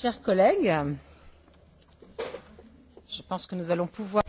chers collègues je pense que nous allons pouvoir